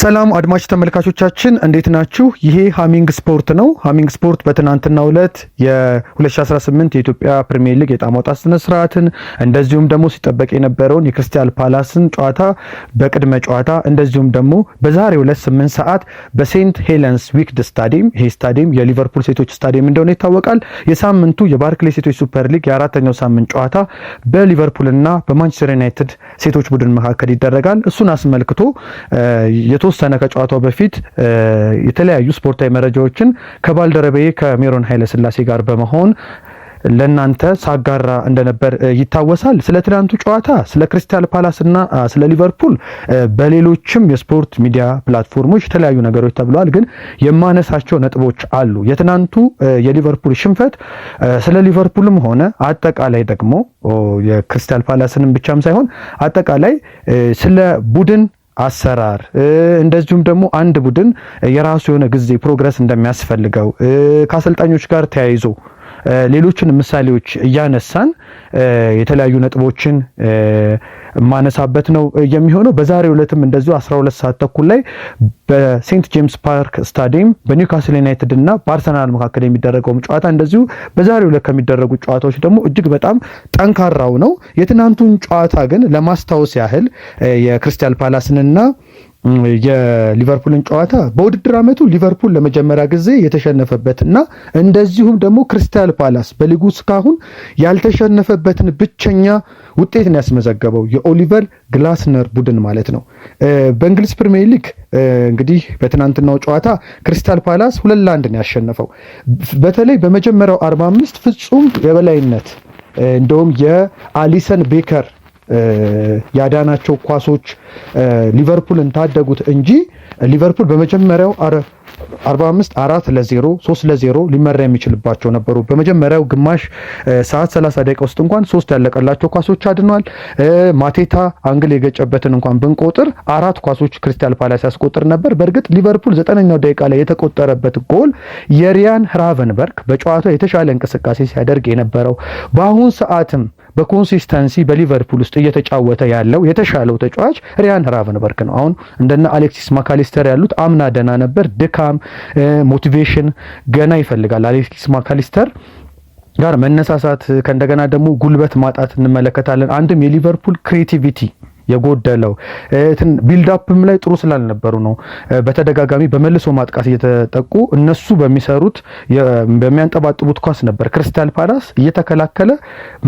ሰላም አድማጭ ተመልካቾቻችን እንዴት ናችሁ? ይሄ ሃሚንግ ስፖርት ነው። ሃሚንግ ስፖርት በትናንትናው ዕለት የ2018 የኢትዮጵያ ፕሪሚየር ሊግ የዕጣ ማውጣት ስነ ስርዓትን እንደዚሁም ደግሞ ሲጠበቅ የነበረውን የክርስቲያል ፓላስን ጨዋታ በቅድመ ጨዋታ እንደዚሁም ደግሞ በዛሬው ዕለት 8 ሰዓት በሴንት ሄለንስ ዊክድ ስታዲየም ይሄ ስታዲየም የሊቨርፑል ሴቶች ስታዲየም እንደሆነ ይታወቃል። የሳምንቱ የባርክሌ ሴቶች ሱፐር ሊግ የአራተኛው ሳምንት ጨዋታ በሊቨርፑልና በማንቸስተር ዩናይትድ ሴቶች ቡድን መካከል ይደረጋል። እሱን አስመልክቶ የተወሰነ ከጨዋታው በፊት የተለያዩ ስፖርታዊ መረጃዎችን ከባልደረቤ ከሜሮን ኃይለስላሴ ጋር በመሆን ለእናንተ ሳጋራ እንደነበር ይታወሳል። ስለ ትናንቱ ጨዋታ፣ ስለ ክሪስታል ፓላስ እና ስለ ሊቨርፑል በሌሎችም የስፖርት ሚዲያ ፕላትፎርሞች የተለያዩ ነገሮች ተብለዋል። ግን የማነሳቸው ነጥቦች አሉ። የትናንቱ የሊቨርፑል ሽንፈት ስለ ሊቨርፑልም ሆነ አጠቃላይ ደግሞ የክሪስታል ፓላስንም ብቻም ሳይሆን አጠቃላይ ስለ ቡድን አሰራር እንደዚሁም ደግሞ አንድ ቡድን የራሱ የሆነ ጊዜ ፕሮግረስ እንደሚያስፈልገው ከአሰልጣኞች ጋር ተያይዞ ሌሎችን ምሳሌዎች እያነሳን የተለያዩ ነጥቦችን ማነሳበት ነው የሚሆነው። በዛሬው ዕለትም እንደዚሁ 12 ሰዓት ተኩል ላይ በሴንት ጄምስ ፓርክ ስታዲየም በኒውካስል ዩናይትድ እና በአርሰናል መካከል የሚደረገውም ጨዋታ እንደዚሁ በዛሬው ዕለት ከሚደረጉ ጨዋታዎች ደግሞ እጅግ በጣም ጠንካራው ነው። የትናንቱን ጨዋታ ግን ለማስታወስ ያህል የክሪስታል ፓላስንና የሊቨርፑልን ጨዋታ በውድድር ዓመቱ ሊቨርፑል ለመጀመሪያ ጊዜ የተሸነፈበት እና እንደዚሁም ደግሞ ክሪስታል ፓላስ በሊጉ እስካሁን ያልተሸነፈበትን ብቸኛ ውጤትን ያስመዘገበው የኦሊቨር ግላስነር ቡድን ማለት ነው። በእንግሊዝ ፕሪሚየር ሊግ እንግዲህ በትናንትናው ጨዋታ ክሪስታል ፓላስ ሁለት ለአንድ ነው ያሸነፈው። በተለይ በመጀመሪያው 45 ፍጹም የበላይነት እንደውም የአሊሰን ቤከር ያዳናቸው ኳሶች ሊቨርፑልን ታደጉት እንጂ ሊቨርፑል በመጀመሪያው 45 አራት ለዜሮ ሶስት ለዜሮ ሊመራ የሚችልባቸው ነበሩ። በመጀመሪያው ግማሽ ሰዓት 30 ደቂቃ ውስጥ እንኳን ሶስት ያለቀላቸው ኳሶች አድኗል። ማቴታ አንግል የገጨበትን እንኳን ብንቆጥር አራት ኳሶች ክሪስታል ፓላስ ያስቆጥር ነበር። በእርግጥ ሊቨርፑል ዘጠነኛው ደቂቃ ላይ የተቆጠረበት ጎል የሪያን ራቨንበርክ በጨዋታው የተሻለ እንቅስቃሴ ሲያደርግ የነበረው በአሁን ሰዓትም በኮንሲስተንሲ በሊቨርፑል ውስጥ እየተጫወተ ያለው የተሻለው ተጫዋች ሪያን ራቨንበርክ ነው። አሁን እንደነ አሌክሲስ ማካሊስተር ያሉት አምና ደና ነበር። ድካም፣ ሞቲቬሽን ገና ይፈልጋል። አሌክሲስ ማካሊስተር ጋር መነሳሳት ከእንደገና ደግሞ ጉልበት ማጣት እንመለከታለን። አንድም የሊቨርፑል ክሬቲቪቲ የጎደለው ቢልዳፕም ላይ ጥሩ ስላልነበሩ ነው በተደጋጋሚ በመልሶ ማጥቃት እየተጠቁ እነሱ በሚሰሩት በሚያንጠባጥቡት ኳስ ነበር ክሪስታል ፓላስ እየተከላከለ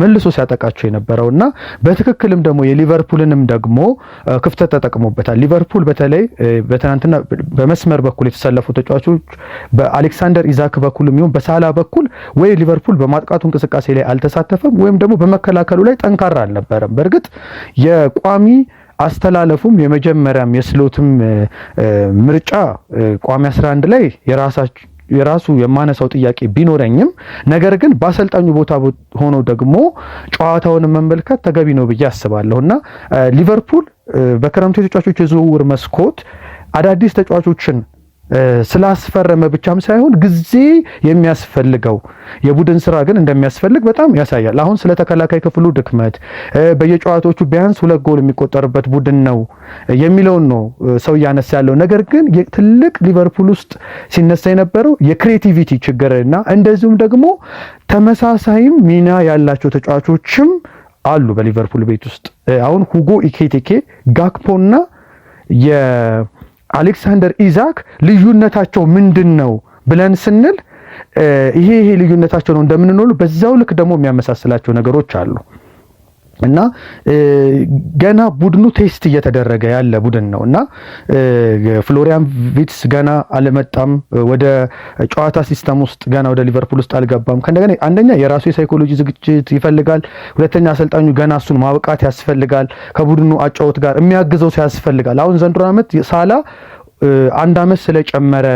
መልሶ ሲያጠቃቸው የነበረው እና በትክክልም ደግሞ የሊቨርፑልንም ደግሞ ክፍተት ተጠቅሞበታል። ሊቨርፑል በተለይ በትናንትና በመስመር በኩል የተሰለፉ ተጫዋቾች በአሌክሳንደር ኢዛክ በኩል የሚሆን በሳላ በኩል ወይ ሊቨርፑል በማጥቃቱ እንቅስቃሴ ላይ አልተሳተፈም ወይም ደግሞ በመከላከሉ ላይ ጠንካራ አልነበረም። በእርግጥ የቋሚ አስተላለፉም የመጀመሪያም የስሎትም ምርጫ ቋሚ 11 ላይ የራሳችሁ የራሱ የማነሳው ጥያቄ ቢኖረኝም ነገር ግን በአሰልጣኙ ቦታ ሆኖ ደግሞ ጨዋታውን መመልከት ተገቢ ነው ብዬ አስባለሁ እና ሊቨርፑል በክረምቱ የተጫዋቾች የዝውውር መስኮት አዳዲስ ተጫዋቾችን ስላስፈረመ ብቻም ሳይሆን ጊዜ የሚያስፈልገው የቡድን ስራ ግን እንደሚያስፈልግ በጣም ያሳያል። አሁን ስለ ተከላካይ ክፍሉ ድክመት በየጨዋታዎቹ ቢያንስ ሁለት ጎል የሚቆጠርበት ቡድን ነው የሚለውን ነው ሰው እያነሳ ያለው። ነገር ግን ትልቅ ሊቨርፑል ውስጥ ሲነሳ የነበረው የክሬቲቪቲ ችግር እና እንደዚሁም ደግሞ ተመሳሳይም ሚና ያላቸው ተጫዋቾችም አሉ በሊቨርፑል ቤት ውስጥ አሁን ሁጎ ኢኬቴኬ ጋክፖና አሌክሳንደር ኢዛክ ልዩነታቸው ምንድን ነው ብለን ስንል ይሄ ይሄ ልዩነታቸው ነው እንደምንኖሉ በዛው ልክ ደግሞ የሚያመሳስላቸው ነገሮች አሉ። እና ገና ቡድኑ ቴስት እየተደረገ ያለ ቡድን ነው እና ፍሎሪያን ቪትስ ገና አልመጣም፣ ወደ ጨዋታ ሲስተም ውስጥ ገና ወደ ሊቨርፑል ውስጥ አልገባም። ከእንደገና አንደኛ የራሱ የሳይኮሎጂ ዝግጅት ይፈልጋል። ሁለተኛ አሰልጣኙ ገና እሱን ማብቃት ያስፈልጋል። ከቡድኑ አጫወት ጋር የሚያግዘው ሰው ያስፈልጋል። አሁን ዘንድሮ ዓመት ሳላ አንድ ዓመት ስለጨመረ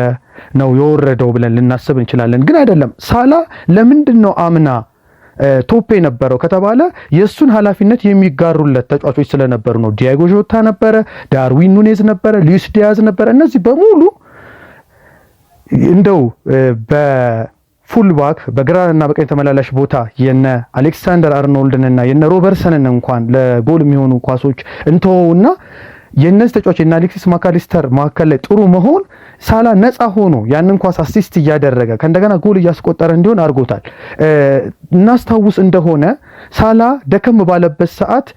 ነው የወረደው ብለን ልናስብ እንችላለን፣ ግን አይደለም። ሳላ ለምንድን ነው አምና ቶፔ ነበረው ከተባለ የእሱን ኃላፊነት የሚጋሩለት ተጫዋቾች ስለነበሩ ነው። ዲያጎ ጆታ ነበረ፣ ዳርዊን ኑኔዝ ነበረ፣ ሉዊስ ዲያዝ ነበረ። እነዚህ በሙሉ እንደው በፉልባክ በግራና በቀኝ ተመላላሽ ቦታ የነ አሌክሳንደር አርኖልድንና የነ ሮበርሰንን እንኳን ለጎል የሚሆኑ ኳሶች እንተወውና የነዚህ ተጫዋች እና አሌክሲስ ማካሊስተር መካከል ላይ ጥሩ መሆን ሳላ ነጻ ሆኖ ያንን ኳስ አሲስት እያደረገ ከእንደገና ጎል እያስቆጠረ እንዲሆን አድርጎታል። እናስታውስ እንደሆነ ሳላ ደከም ባለበት ሰዓት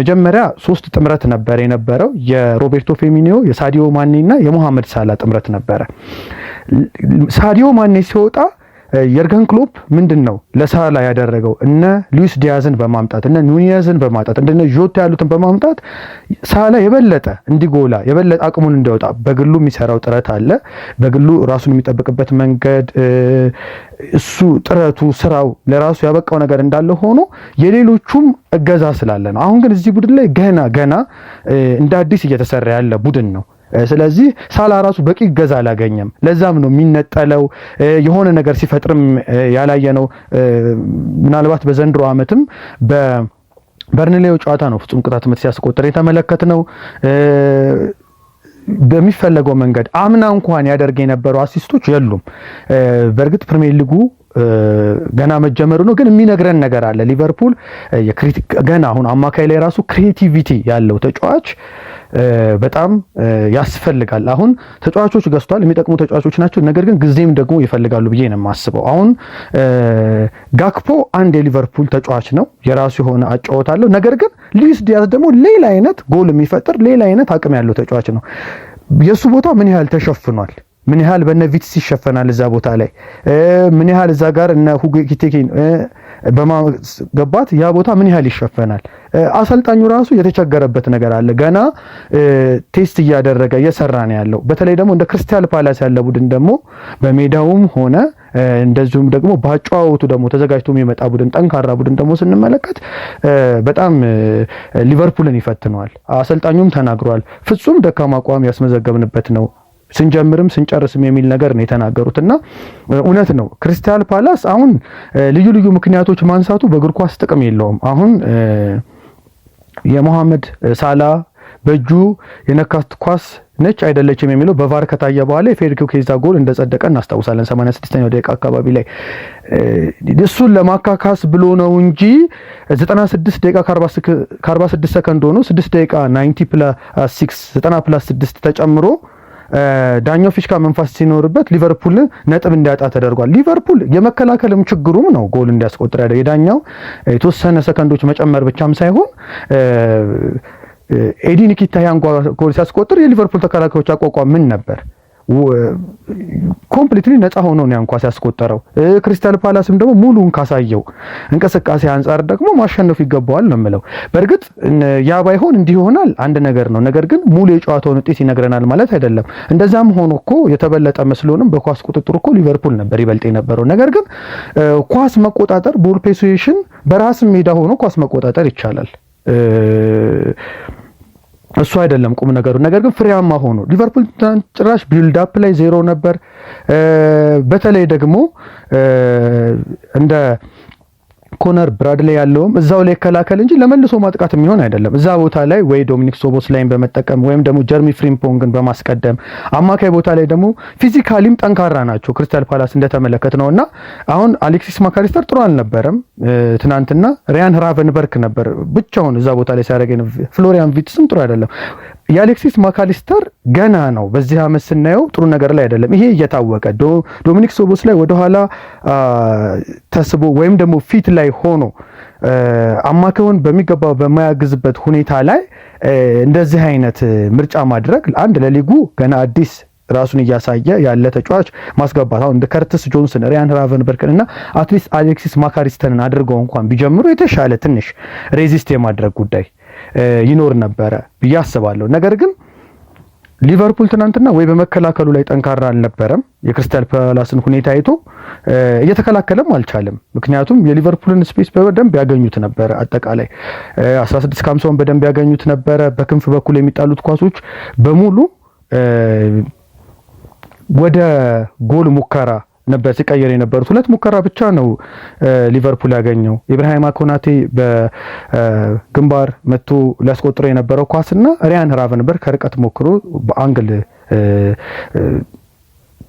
መጀመሪያ ሶስት ጥምረት ነበረ የነበረው የሮቤርቶ ፌሚኒዮ፣ የሳዲዮ ማኔ እና የሞሐመድ ሳላ ጥምረት ነበረ። ሳዲዮ ማኔ ሲወጣ የርገን ክሎፕ ምንድን ነው ለሳላ ያደረገው? እነ ሉዊስ ዲያዝን በማምጣት እነ ኑኒየዝን በማምጣት እንደነ ዦት ያሉትን በማምጣት ሳላ የበለጠ እንዲጎላ የበለጠ አቅሙን እንዲያወጣ በግሉ የሚሰራው ጥረት አለ። በግሉ ራሱን የሚጠብቅበት መንገድ እሱ ጥረቱ ስራው ለራሱ ያበቃው ነገር እንዳለ ሆኖ የሌሎቹም እገዛ ስላለ ነው። አሁን ግን እዚህ ቡድን ላይ ገና ገና እንደ አዲስ እየተሰራ ያለ ቡድን ነው። ስለዚህ ሳላ ራሱ በቂ እገዛ አላገኘም። ለዛም ነው የሚነጠለው። የሆነ ነገር ሲፈጥርም ያላየ ነው። ምናልባት በዘንድሮ ዓመትም በ ጨዋታ ነው ፍጹም ቅጣት ምት ሲያስቆጥር የተመለከት ነው። በሚፈለገው መንገድ አምና እንኳን ያደርግ የነበረው አሲስቶች የሉም። በእርግጥ ፕሪሚየር ሊጉ ገና መጀመሩ ነው፣ ግን የሚነግረን ነገር አለ። ሊቨርፑል ገና አሁን አማካይ ላይ ራሱ ክሬቲቪቲ ያለው ተጫዋች በጣም ያስፈልጋል። አሁን ተጫዋቾች ገዝቷል፣ የሚጠቅሙ ተጫዋቾች ናቸው። ነገር ግን ጊዜም ደግሞ ይፈልጋሉ ብዬ ነው የማስበው። አሁን ጋክፖ አንድ የሊቨርፑል ተጫዋች ነው፣ የራሱ የሆነ አጫወት አለው። ነገር ግን ሉዊስ ዲያዝ ደግሞ ሌላ አይነት ጎል የሚፈጥር ሌላ አይነት አቅም ያለው ተጫዋች ነው። የእሱ ቦታ ምን ያህል ተሸፍኗል? ምን ያህል በነ ቪትስ ይሸፈናል እዛ ቦታ ላይ ምን ያህል እዛ ጋር እነ ሁጎ ኤኪቲኬን ያ ቦታ ምን ያህል ይሸፈናል? አሰልጣኙ ራሱ የተቸገረበት ነገር አለ። ገና ቴስት እያደረገ እየሰራ ነው ያለው። በተለይ ደግሞ እንደ ክርስቲያል ፓላስ ያለ ቡድን ደግሞ በሜዳውም ሆነ እንደዚሁም ደግሞ በአጨዋወቱ ደግሞ ተዘጋጅቶ የሚመጣ ቡድን ጠንካራ ቡድን ደግሞ ስንመለከት በጣም ሊቨርፑልን ይፈትነዋል። አሰልጣኙም ተናግሯል። ፍጹም ደካማ አቋም ያስመዘገብንበት ነው ስንጀምርም ስንጨርስም የሚል ነገር ነው የተናገሩትና እውነት ነው። ክሪስታል ፓላስ አሁን ልዩ ልዩ ምክንያቶች ማንሳቱ በእግር ኳስ ጥቅም የለውም። አሁን የሞሐመድ ሳላ በእጁ የነካት ኳስ ነች አይደለችም የሚለው በቫር ከታየ በኋላ የፌዴሪኮ ኬዛ ጎል እንደጸደቀ እናስታውሳለን። 86ኛው ደቂቃ አካባቢ ላይ እሱን ለማካካስ ብሎ ነው እንጂ 96 ደቂቃ ከ46 ሰከንድ ሆኖ 6 ደቂቃ 90 ፕላስ 6 90 ፕላስ 6 ተጨምሮ ዳኛው ፊሽካ መንፋስ ሲኖርበት ሊቨርፑል ነጥብ እንዲያጣ ተደርጓል። ሊቨርፑል የመከላከልም ችግሩም ነው ጎል እንዲያስቆጥር ያደረገው የዳኛው የተወሰነ ሰከንዶች መጨመር ብቻም ሳይሆን ኤዲ ኒኪታያን ጎል ሲያስቆጥር የሊቨርፑል ተከላካዮች አቋቋም ምን ነበር? ኮምፕሊትሊ ነፃ ሆኖ ነው ያን ኳስ ያስቆጠረው። ክሪስታል ፓላስም ደግሞ ሙሉን ካሳየው እንቅስቃሴ አንጻር ደግሞ ማሸነፍ ይገባዋል ነው የምለው። በእርግጥ ያ ባይሆን እንዲህ ይሆናል አንድ ነገር ነው። ነገር ግን ሙሉ የጨዋታውን ውጤት ይነግረናል ማለት አይደለም። እንደዛም ሆኖ እኮ የተበለጠ መስሎንም በኳስ ቁጥጥር እኮ ሊቨርፑል ነበር ይበልጥ የነበረው። ነገር ግን ኳስ መቆጣጠር ቦል ፔሲሽን በራስ ሜዳ ሆኖ ኳስ መቆጣጠር ይቻላል። እሱ አይደለም ቁም ነገሩ። ነገር ግን ፍሬያማ ሆኖ ሊቨርፑል ጭራሽ ቢልድ አፕ ላይ ዜሮ ነበር። በተለይ ደግሞ እንደ ኮነር ብራድ ላይ ያለውም እዛው ላይ ይከላከል እንጂ ለመልሶ ማጥቃት የሚሆን አይደለም። እዛ ቦታ ላይ ወይ ዶሚኒክ ሶቦስ ላይን በመጠቀም ወይም ደግሞ ጀርሚ ፍሪምፖንግን በማስቀደም አማካይ ቦታ ላይ ደግሞ ፊዚካሊም ጠንካራ ናቸው ክሪስታል ፓላስ እንደተመለከት ነው እና አሁን አሌክሲስ ማካሪስተር ጥሩ አልነበረም ትናንትና። ሪያን ራቨንበርክ ነበር ብቻውን እዛ ቦታ ላይ ሲያደርግ፣ ፍሎሪያን ቪትስም ጥሩ አይደለም። የአሌክሲስ ማካሊስተር ገና ነው። በዚህ አመት ስናየው ጥሩ ነገር ላይ አይደለም። ይሄ እየታወቀ ዶሚኒክ ሶቦስ ላይ ወደኋላ ተስቦ ወይም ደግሞ ፊት ላይ ሆኖ አማካዩን በሚገባ በማያግዝበት ሁኔታ ላይ እንደዚህ አይነት ምርጫ ማድረግ አንድ ለሊጉ ገና አዲስ ራሱን እያሳየ ያለ ተጫዋች ማስገባት አሁን እንደ ከርትስ ጆንስን፣ ሪያን ራቨንበርክን እና አትሊስት አሌክሲስ ማካሊስተርን አድርገው እንኳን ቢጀምሩ የተሻለ ትንሽ ሬዚስት የማድረግ ጉዳይ ይኖር ነበረ ብዬ አስባለሁ። ነገር ግን ሊቨርፑል ትናንትና ወይ በመከላከሉ ላይ ጠንካራ አልነበረም። የክሪስታል ፓላስን ሁኔታ አይቶ እየተከላከለም አልቻለም። ምክንያቱም የሊቨርፑልን ስፔስ በደንብ ያገኙት ነበረ። አጠቃላይ 16 50ን በደንብ ያገኙት ነበረ። በክንፍ በኩል የሚጣሉት ኳሶች በሙሉ ወደ ጎል ሙከራ ነበር ሲቀየር የነበሩት። ሁለት ሙከራ ብቻ ነው ሊቨርፑል ያገኘው። ኢብራሂማ ኮናቴ በግንባር መቶ ሊያስቆጥረው የነበረው ኳስና ሪያን ራቨንበር ከርቀት ሞክሮ በአንግል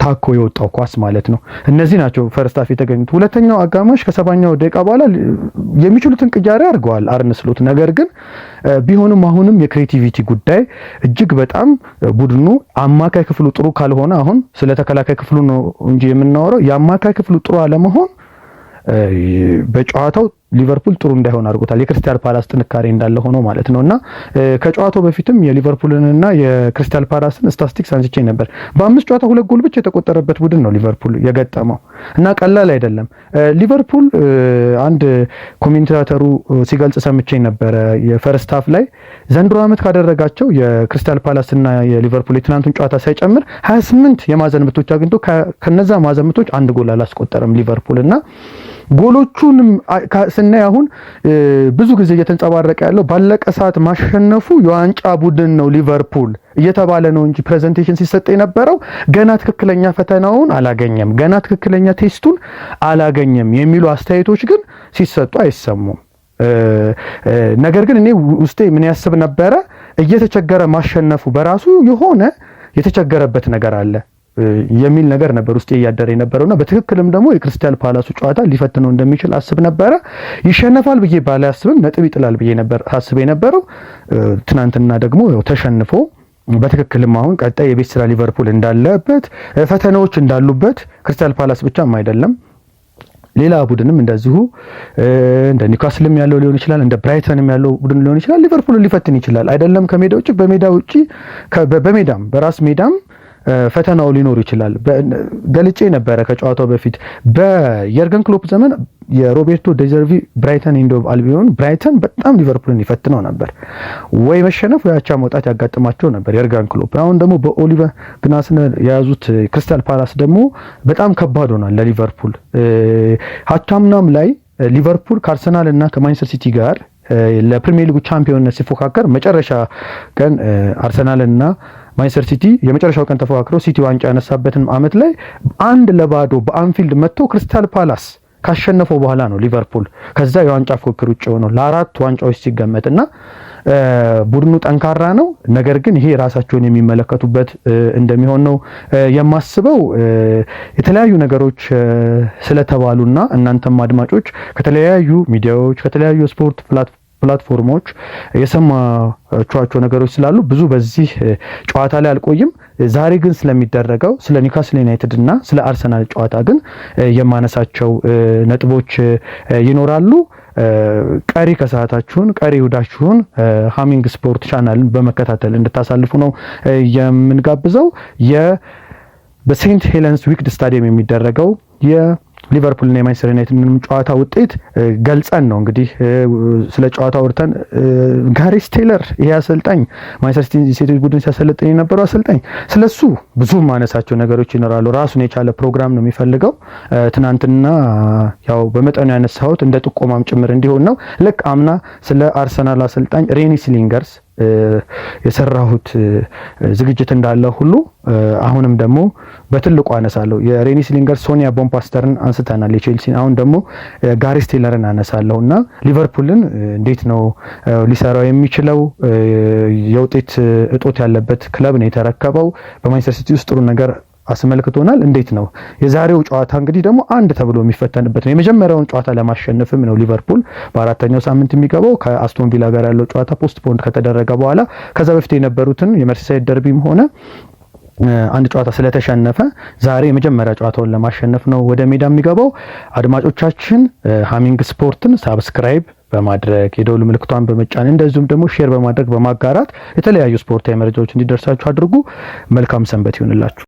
ታኮ የወጣው ኳስ ማለት ነው። እነዚህ ናቸው ፈርስት ሀፍ የተገኙት። ሁለተኛው አጋማሽ ከሰባኛው ደቂቃ በኋላ የሚችሉትን ቅያሬ አድርገዋል አርነ ስሎት። ነገር ግን ቢሆንም አሁንም የክሬቲቪቲ ጉዳይ እጅግ በጣም ቡድኑ አማካይ ክፍሉ ጥሩ ካልሆነ አሁን ስለ ተከላካይ ክፍሉ ነው እንጂ የምናወረው የአማካይ ክፍሉ ጥሩ አለመሆን በጨዋታው ሊቨርፑል ጥሩ እንዳይሆን አድርጎታል። የክሪስታል ፓላስ ጥንካሬ እንዳለ ሆኖ ማለት ነው እና ከጨዋታው በፊትም የሊቨርፑልንና የክሪስታል ፓላስን ስታስቲክስ አንስቼ ነበር። በአምስት ጨዋታ ሁለት ጎል ብቻ የተቆጠረበት ቡድን ነው ሊቨርፑል የገጠመው እና ቀላል አይደለም። ሊቨርፑል አንድ ኮሜንታተሩ ሲገልጽ ሰምቼ ነበረ የፈርስት ሀፍ ላይ ዘንድሮ ዓመት ካደረጋቸው የክሪስታል ፓላስና የሊቨርፑል የትናንቱን ጨዋታ ሳይጨምር 28 የማዘን ምቶች አግኝቶ ከነዛ ማዘን ምቶች አንድ ጎል አላስቆጠረም ሊቨርፑል እና ጎሎቹንም ስናይ አሁን ብዙ ጊዜ እየተንጸባረቀ ያለው ባለቀ ሰዓት ማሸነፉ የዋንጫ ቡድን ነው ሊቨርፑል እየተባለ ነው እንጂ ፕሬዘንቴሽን ሲሰጥ የነበረው ገና ትክክለኛ ፈተናውን አላገኘም፣ ገና ትክክለኛ ቴስቱን አላገኘም የሚሉ አስተያየቶች ግን ሲሰጡ አይሰሙም። ነገር ግን እኔ ውስጤ ምን ያስብ ነበረ፣ እየተቸገረ ማሸነፉ በራሱ የሆነ የተቸገረበት ነገር አለ የሚል ነገር ነበር ውስጤ እያደረ የነበረውና በትክክልም ደግሞ የክሪስታል ፓላሱ ጨዋታ ሊፈትነው እንደሚችል አስብ ነበረ። ይሸነፋል ብዬ አስብም ነጥብ ይጥላል ብዬ ነበር አስብ የነበረው። ትናንትና ደግሞ ተሸንፎ በትክክልም አሁን ቀጣይ የቤት ስራ ሊቨርፑል እንዳለበት ፈተናዎች እንዳሉበት ክሪስታል ፓላስ ብቻም አይደለም ሌላ ቡድንም እንደዚሁ እንደ ኒውካስልም ያለው ሊሆን ይችላል፣ እንደ ብራይተንም ያለው ቡድን ሊሆን ይችላል። ሊቨርፑል ሊፈትን ይችላል አይደለም ከሜዳ ውጭ በሜዳ ውጭ በሜዳም በራስ ሜዳም ፈተናው ሊኖር ይችላል። ገልጬ ነበረ ከጨዋታው በፊት በየርገን ክሎፕ ዘመን የሮቤርቶ ዴዘርቪ ብራይተን ኢንዶ አልቢዮን ብራይተን በጣም ሊቨርፑልን ይፈትነው ነበር። ወይ መሸነፍ ወይ አቻ መውጣት ያጋጥማቸው ነበር የርገን ክሎፕ። አሁን ደግሞ በኦሊቨ ግናስነር የያዙት ክሪስታል ፓላስ ደግሞ በጣም ከባድ ሆኗል ለሊቨርፑል ሀቻምናም ላይ ሊቨርፑል ከአርሰናል እና ከማንቸስተር ሲቲ ጋር ለፕሪሚየር ሊጉ ቻምፒዮንነት ሲፎካከር መጨረሻ ቀን አርሰናልና ማንቸስተር ሲቲ የመጨረሻው ቀን ተፎካክሮ ሲቲ ዋንጫ ያነሳበትን አመት ላይ አንድ ለባዶ በአንፊልድ መጥቶ ክሪስታል ፓላስ ካሸነፈው በኋላ ነው ሊቨርፑል ከዛ የዋንጫ ፉክክር ውጭ የሆነው ለአራት ዋንጫዎች ሲገመጥ እና ቡድኑ ጠንካራ ነው። ነገር ግን ይሄ ራሳቸውን የሚመለከቱበት እንደሚሆን ነው የማስበው። የተለያዩ ነገሮች ስለተባሉና እናንተም አድማጮች ከተለያዩ ሚዲያዎች ከተለያዩ ስፖርት ፕላትፎርም ፕላትፎርሞች የሰማችኋቸው ነገሮች ስላሉ ብዙ በዚህ ጨዋታ ላይ አልቆይም። ዛሬ ግን ስለሚደረገው ስለ ኒውካስል ዩናይትድ እና ስለ አርሰናል ጨዋታ ግን የማነሳቸው ነጥቦች ይኖራሉ። ቀሪ ከሰዓታችሁን ቀሪ ውዳችሁን ሀሚንግ ስፖርት ቻናልን በመከታተል እንድታሳልፉ ነው የምንጋብዘው። በሴንት ሄለንስ ዊክድ ስታዲየም የሚደረገው ሊቨርፑልና የማንቸስተር ዩናይትድን ጨዋታ ውጤት ገልጸን ነው እንግዲህ ስለ ጨዋታ ወርተን ጋሪ ቴለር ይሄ አሰልጣኝ ማንቸስተር ሲቲ ቡድን ሲያሰለጥን የነበረው አሰልጣኝ ስለሱ ብዙ ማነሳቸው ነገሮች ይኖራሉ። ራሱን የቻለ ፕሮግራም ነው የሚፈልገው። ትናንትና ያው በመጠኑ ያነሳሁት እንደ ጥቆማም ጭምር እንዲሆን ነው። ልክ አምና ስለ አርሰናል አሰልጣኝ ሬኒ ስሊንገርስ የሰራሁት ዝግጅት እንዳለ ሁሉ አሁንም ደግሞ በትልቁ አነሳለሁ። የሬኒ ስሊንገር ሶኒያ ቦምፓስተርን አንስተናል የቼልሲን። አሁን ደግሞ ጋሪስ ቴለርን አነሳለሁ እና ሊቨርፑልን እንዴት ነው ሊሰራው የሚችለው? የውጤት እጦት ያለበት ክለብ ነው የተረከበው። በማንቸስተር ሲቲ ውስጥ ጥሩ ነገር አስመልክቶናል። እንዴት ነው የዛሬው ጨዋታ? እንግዲህ ደግሞ አንድ ተብሎ የሚፈተንበት ነው። የመጀመሪያውን ጨዋታ ለማሸነፍም ነው ሊቨርፑል በአራተኛው ሳምንት የሚገባው ከአስቶን ቪላ ጋር ያለው ጨዋታ ፖስት ፖንድ ከተደረገ በኋላ ከዛ በፊት የነበሩትን የመርሲሳይድ ደርቢም ሆነ አንድ ጨዋታ ስለተሸነፈ ዛሬ የመጀመሪያ ጨዋታውን ለማሸነፍ ነው ወደ ሜዳ የሚገባው። አድማጮቻችን ሃሚንግ ስፖርትን ሳብስክራይብ በማድረግ የደውል ምልክቷን በመጫን እንደዚሁም ደግሞ ሼር በማድረግ በማጋራት የተለያዩ ስፖርታዊ መረጃዎች እንዲደርሳችሁ አድርጉ። መልካም ሰንበት ይሁንላችሁ።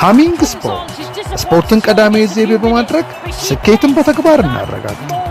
ሃሚንግ ስፖርት ስፖርትን ቀዳሚ ዘይቤ በማድረግ ስኬትን በተግባር እናረጋግጥ።